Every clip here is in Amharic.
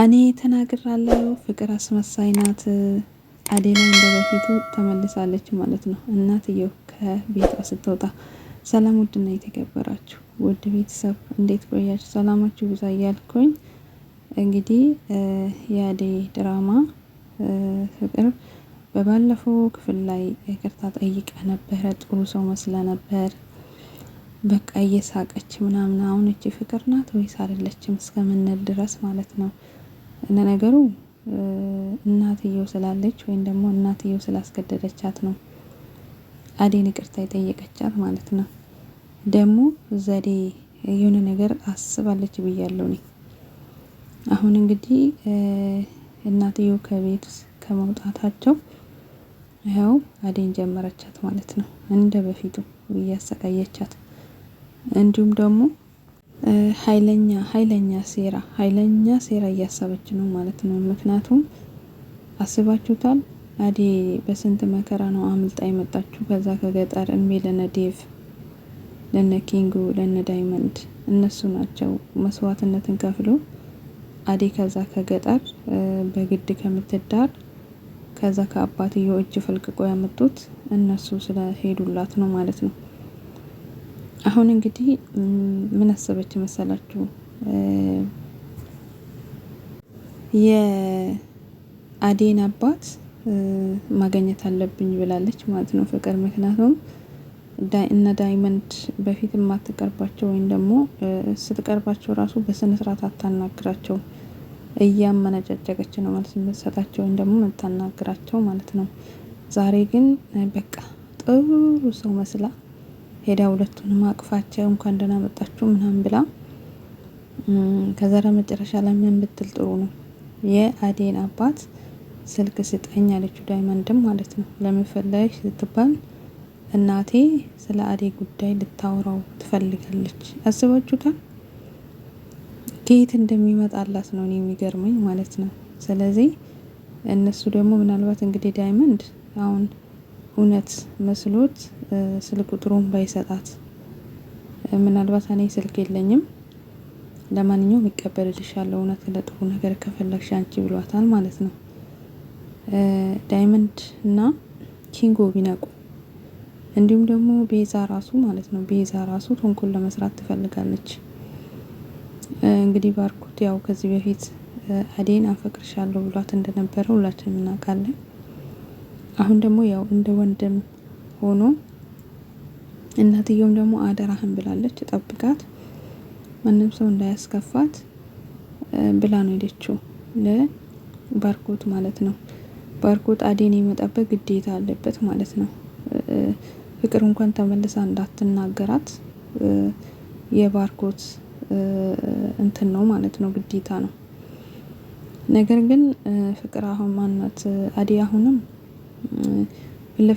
እኔ ተናግራለሁ። ፍቅር አስመሳይ ናት። አዴና እንደ በፊቱ ተመልሳለች ማለት ነው። እናትየው ከቤቷ ስትወጣ ሰላም ውድና የተከበራችሁ ውድ ቤተሰብ እንዴት ቆያችሁ? ሰላማችሁ ብዛ እያልኩኝ እንግዲህ የአዴ ድራማ ፍቅር በባለፈው ክፍል ላይ ይቅርታ ጠይቀ ነበረ። ጥሩ ሰው መስለ ነበር። በቃ እየሳቀች ምናምን። አሁን እቺ ፍቅር ናት ወይስ አይደለችም እስከምንል ድረስ ማለት ነው እንደ ነገሩ እናትየው ስላለች ወይም ደግሞ እናትየው ስላስገደደቻት ነው አዴን ይቅርታ የጠየቀቻት ማለት ነው። ደግሞ ዘዴ የሆነ ነገር አስባለች ብያለሁ እኔ። አሁን እንግዲህ እናትየው ከቤት ከመውጣታቸው ያው አዴን ጀመረቻት ማለት ነው። እንደ በፊቱ እያሰቃየቻት እንዲሁም ደግሞ ኃይለኛ ኃይለኛ ሴራ ኃይለኛ ሴራ እያሰበች ነው ማለት ነው። ምክንያቱም አስባችሁታል አዴ በስንት መከራ ነው አምልጣ የመጣችሁ ከዛ ከገጠር እንቢ ለነ ዴቭ ለነ ኪንጉ ለነ ዳይመንድ እነሱ ናቸው መስዋዕትነትን ከፍሎ አዴ ከዛ ከገጠር በግድ ከምትዳር ከዛ ከአባትየው እጅ ፈልቅቆ ያመጡት እነሱ ስለሄዱላት ነው ማለት ነው። አሁን እንግዲህ ምን አሰበች መሰላችሁ? የአዴን አባት ማገኘት አለብኝ ብላለች ማለት ነው ፍቅር። ምክንያቱም እነ ዳይመንድ በፊት የማትቀርባቸው ወይም ደግሞ ስትቀርባቸው ራሱ በስነ ስርዓት አታናግራቸው እያመነጨጨቀች ነው ማለት የምትሰጣቸው ወይም ደግሞ የምታናግራቸው ማለት ነው። ዛሬ ግን በቃ ጥሩ ሰው መስላ ሄዳ ሁለቱንም አቅፋቸው እንኳን ደህና መጣችሁ ምናምን ብላ ከዛ መጨረሻ ላይ ምን ብትል ጥሩ ነው የአዴን አባት ስልክ ስጠኝ አለችው፣ ዳይመንድም ማለት ነው። ለምን ስትባል እናቴ ስለ አዴ ጉዳይ ልታወራው ትፈልጋለች። አስባችሁታል? ከየት እንደሚመጣላት ነው የሚገርመኝ ማለት ነው። ስለዚህ እነሱ ደግሞ ምናልባት እንግዲህ ዳይመንድ አሁን እውነት መስሎት ስልክ ቁጥሩን ባይሰጣት። ምናልባት እኔ ስልክ የለኝም፣ ለማንኛውም ይቀበልልሻለሁ እውነት ለጥሩ ነገር ከፈለግሽ አንቺ ብሏታል ማለት ነው። ዳይመንድ እና ኪንጎ ቢነቁ እንዲሁም ደግሞ ቤዛ ራሱ ማለት ነው። ቤዛ ራሱ ተንኮል ለመስራት ትፈልጋለች። እንግዲህ ባርኩት ያው ከዚህ በፊት አዴን አፈቅርሻለሁ ብሏት እንደነበረ ሁላችንም እናውቃለን። አሁን ደግሞ ያው እንደ ወንድም ሆኖ እናትየውም ደግሞ አደራህን ብላለች፣ ጠብቃት ማንም ሰው እንዳያስከፋት ብላ ነው ሄደችው ለባርኮት ማለት ነው። ባርኮት አዴን የመጠበቅ ግዴታ አለበት ማለት ነው። ፍቅር እንኳን ተመልሳ እንዳትናገራት የባርኮት እንትን ነው ማለት ነው፣ ግዴታ ነው። ነገር ግን ፍቅር አሁን ማናት አዴ አሁንም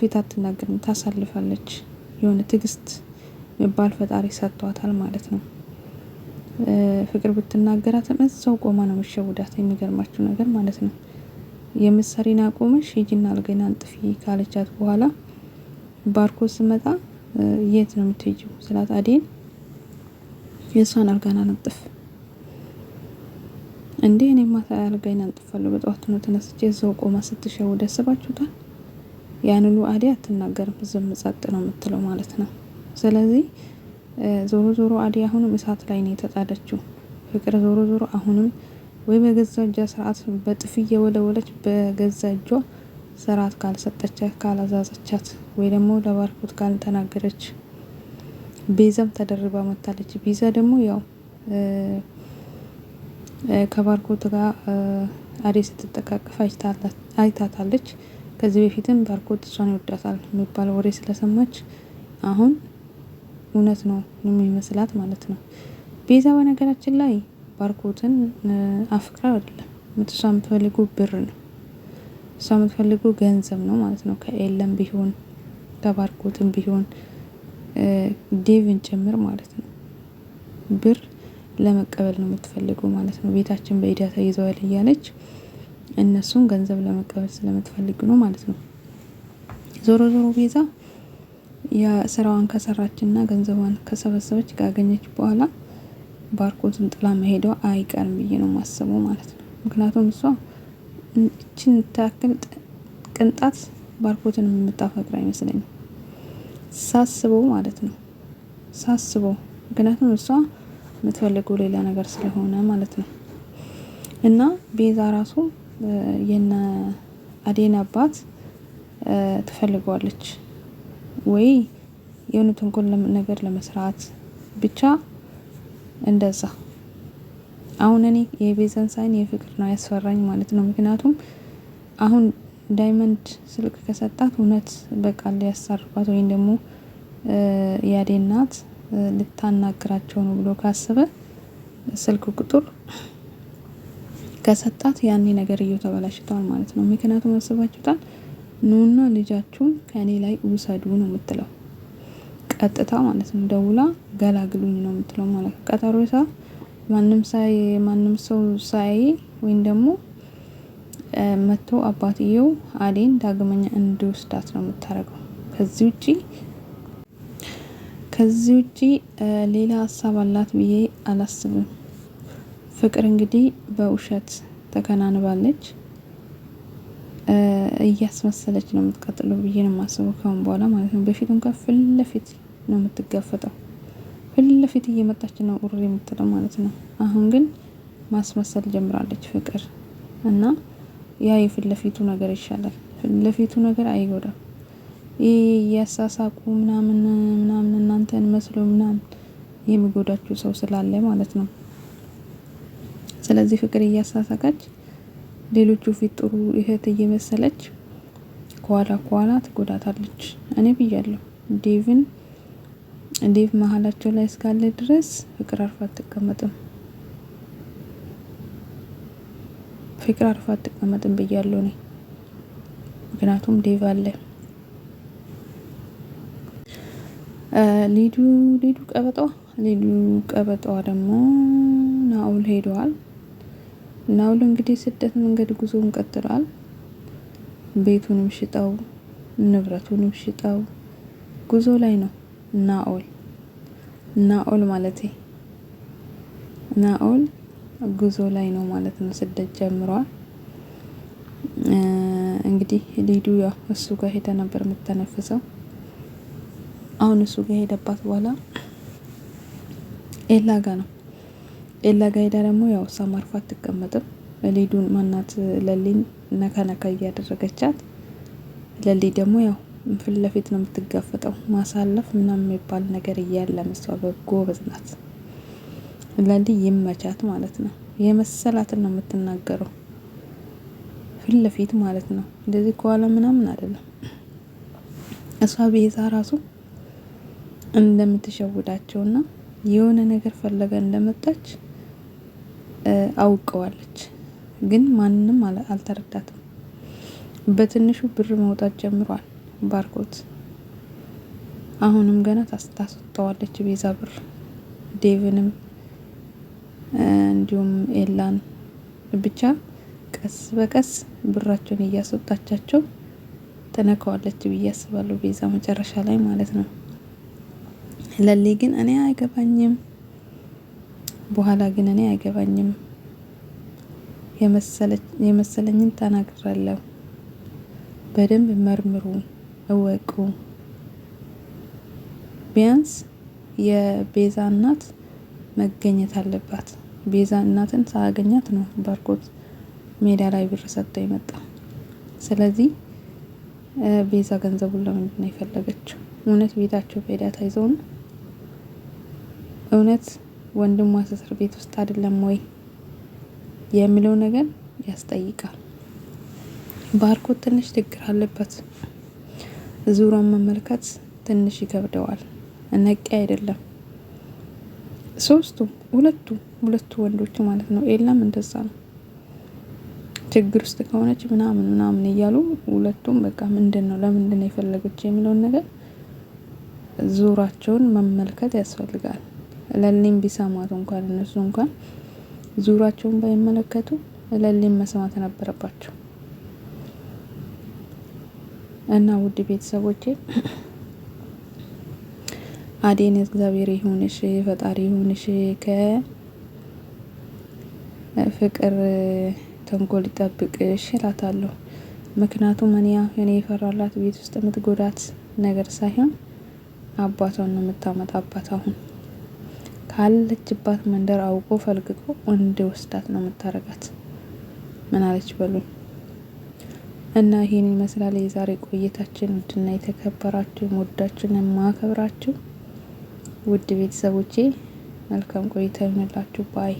ፊት አትናገርም፣ ታሳልፋለች። የሆነ ትግስት የሚባል ፈጣሪ ሰጥቷታል ማለት ነው። ፍቅር ብትናገራትም እዛው ቆማ ነው የምትሸውዳት። የሚገርማችሁ ነገር ማለት ነው የምትሰሪን አቁመሽ ሂጂና አልጋዬን አንጥፊ ካለቻት በኋላ ባርኮት ስመጣ የት ነው የምትሄጂው ስላት አዴን የእሷን አልጋና አንጥፍ እንዴ እኔ ማታ አልጋዬን አንጥፋለሁ። በጠዋቱ ነው ተነስቼ እዛው ቆማ ስትሸውድ ያስባችሁታል። ያንኑ አዴ አትናገርም፣ ዝም ጸጥ ነው የምትለው ማለት ነው። ስለዚህ ዞሮ ዞሮ አዴ አሁንም እሳት ላይ ነው የተጣደችው። ፍቅር ዞሮ ዞሮ አሁንም ወይ በገዛ እጇ ስርዓት በጥፊ እየወለወለች በገዛ እጇ ስርዓት ካልሰጠቻት ካላዛዘቻት፣ ወይ ደግሞ ለባርኮት ካልተናገረች ቤዛም ተደርባ መታለች። ቤዛ ደግሞ ያው ከባርኮት ጋር አዴ ስትጠቃቀፍ አይታታለች። ከዚህ በፊትም ባርኮት እሷን ይወዳታል የሚባል ወሬ ስለሰማች አሁን እውነት ነው የሚመስላት ማለት ነው። ቤዛ በነገራችን ላይ ባርኮትን አፍቅራ አይደለም ምትሷ የምትፈልጉ ብር ነው። እሷ የምትፈልጉ ገንዘብ ነው ማለት ነው። ከኤለም ቢሆን ከባርኮትም ቢሆን ዴቭን ጭምር ማለት ነው። ብር ለመቀበል ነው የምትፈልጉ ማለት ነው። ቤታችን በኢዳታ ይዘዋል እያለች እነሱን ገንዘብ ለመቀበል ስለምትፈልግ ነው ማለት ነው። ዞሮ ዞሮ ቤዛ የስራዋን ከሰራችና ገንዘቧን ከሰበሰበች ካገኘች በኋላ ባርኮትን ጥላ መሄደው አይቀርም ብዬ ነው ማስበው ማለት ነው። ምክንያቱም እሷ እችን ታክል ቅንጣት ባርኮትን የምታፈቅር አይመስለኝም ሳስበው ማለት ነው ሳስበው። ምክንያቱም እሷ የምትፈልገው ሌላ ነገር ስለሆነ ማለት ነው እና ቤዛ ራሱ የነ አዴን አባት ትፈልገዋለች ወይ የሆነ ተንኮል ነገር ለመስራት ብቻ እንደዛ። አሁን እኔ የቤዛን ሳይን የፍቅር ነው ያስፈራኝ ማለት ነው። ምክንያቱም አሁን ዳይመንድ ስልክ ከሰጣት እውነት በቃ ሊያሳርፋት ወይም ደግሞ ያዴናት ልታናግራቸው ነው ብሎ ካስበ ስልክ ቁጥር ከሰጣት ያኔ ነገር እየተበላሽተዋል ማለት ነው። ምክንያቱም አስባችሁታል፣ ኑና ልጃችሁን ከኔ ላይ ውሰዱ ነው የምትለው ቀጥታ ማለት ነው። ደውላ ገላግሉኝ ነው የምትለው ማለት ነው። ቀጠሮ ማንም ሳይ ማንም ሰው ሳይ ወይም ደግሞ መጥቶ አባትየው አዴን ዳግመኛ እንዲወስዳት ነው የምታደርገው። ከዚህ ውጪ ከዚህ ውጪ ሌላ ሀሳብ አላት ብዬ አላስብም። ፍቅር እንግዲህ በውሸት ተከናንባለች። እያስመሰለች ነው የምትቀጥለው ብዬ ነው የማስበው በኋላ ማለት ነው። በፊት እንኳን ፊት ለፊት ነው የምትጋፈጠው፣ ፊት ለፊት እየመጣች ነው ቁር የምትለው ማለት ነው። አሁን ግን ማስመሰል ጀምራለች ፍቅር እና ያ የፊት ለፊቱ ነገር ይሻላል። ፊት ለፊቱ ነገር አይጎዳም። ይህ እያሳሳቁ ምናምን ምናምን እናንተን መስሎ ምናምን የሚጎዳችሁ ሰው ስላለ ማለት ነው። ስለዚህ ፍቅር እያሳሳቀች ሌሎቹ ፊት ጥሩ እህት እየመሰለች ከኋላ ከኋላ ትጎዳታለች። እኔ ብያለሁ ዴቭን ዴቭ መሀላቸው ላይ እስካለ ድረስ ፍቅር አርፋ አትቀመጥም፣ ፍቅር አርፋ አትቀመጥም ብያለሁ እኔ ምክንያቱም ዴቭ አለ። ሊዱ ሊዱ ቀበጧ ሊዱ ቀበጧ ደግሞ ናኦል ሄደዋል። ናውል እንግዲህ ስደት መንገድ ጉዞውን ቀጥሏል። ቤቱንም ሽጠው ንብረቱንም ሽጠው ጉዞ ላይ ነው። ናኦል ናኦል ማለት ናኦል ጉዞ ላይ ነው ማለት ነው። ስደት ጀምሯል። እንግዲህ ሊዱ ያው እሱ ጋር ሄደ ነበር የምተነፍሰው። አሁን እሱ ጋር ሄደባት በኋላ ኤላ ጋ ነው ኤላ ጋይዳ ደግሞ ያው እሷ ማርፋ አትቀመጥም። ሊዱን ማናት ለሌን ነካ ነካ እያደረገቻት፣ ለሊ ደግሞ ያው ፊት ለፊት ነው የምትጋፈጠው። ማሳለፍ ምናምን የሚባል ነገር እያለ መስዋ በጎበዝ ናት። ለሊ ይመቻት ማለት ነው። የመሰላትን ነው የምትናገረው ፊት ለፊት ማለት ነው። እንደዚህ ከኋላ ምናምን አይደለም። እሷ ቤዛ ራሱ እንደምትሸውዳቸውና የሆነ ነገር ፈለገ እንደመጣች አውቀዋለች ግን ማንም አልተረዳትም። በትንሹ ብር መውጣት ጀምሯል ባርኮት አሁንም ገና ታስወጣዋለች ቤዛ ብር ዴቭንም እንዲሁም ኤላን ብቻ ቀስ በቀስ ብራቸውን እያስወጣቻቸው ተነከዋለች ብዬ አስባለሁ ቤዛ መጨረሻ ላይ ማለት ነው። ለሌ ግን እኔ አይገባኝም። በኋላ ግን እኔ አይገባኝም የመሰለኝን ተናግራለሁ። በደንብ መርምሩ እወቁ። ቢያንስ የቤዛ እናት መገኘት አለባት። ቤዛ እናትን ሳያገኛት ነው ባርኮት ሜዳ ላይ ብር ሰጥቶ የመጣ። ስለዚህ ቤዛ ገንዘቡን ለምንድን የፈለገችው? እውነት ቤታቸው በሄዳ ታይዘው ነው እውነት ወንድሟ እስር ቤት ውስጥ አይደለም ወይ የሚለው ነገር ያስጠይቃል። ባርኮት ትንሽ ችግር አለበት። ዙሯን መመልከት ትንሽ ይከብደዋል። ነቂ አይደለም። ሶስቱም ሁለቱ ሁለቱ ወንዶች ማለት ነው። ኤላም እንደዛ ነው። ችግር ውስጥ ከሆነች ምናምን ምናምን እያሉ ሁለቱም በቃ ምንድን ነው ለምንድን ነው የፈለገች የሚለውን ነገር ዙራቸውን መመልከት ያስፈልጋል። እለሌም ቢሰማት እንኳን እነሱ እንኳን ዙራቸውን ባይመለከቱ እለሌም መስማት ነበረባቸው። እና ውድ ቤተሰቦቼ አዴን እግዚአብሔር ይሁንሽ፣ ፈጣሪ ይሁንሽ፣ ከፍቅር ተንኮል ይጠብቅሽ እላታለሁ። ምክንያቱም እኔ እኔ የፈራላት ቤት ውስጥ የምትጎዳት ነገር ሳይሆን አባቷን ነው የምታመጣባት አሁን ካለችባት መንደር አውቆ ፈልግቆ ወንድ ወስዳት ነው የምታረጋት። ምን አለች በሉኝ። እና ይህን ይመስላል የዛሬ ቆይታችን። ውድና የተከበራችሁ ወዳችን የማከብራችሁ ውድ ቤተሰቦቼ መልካም ቆይታ ይሆንላችሁ ባይ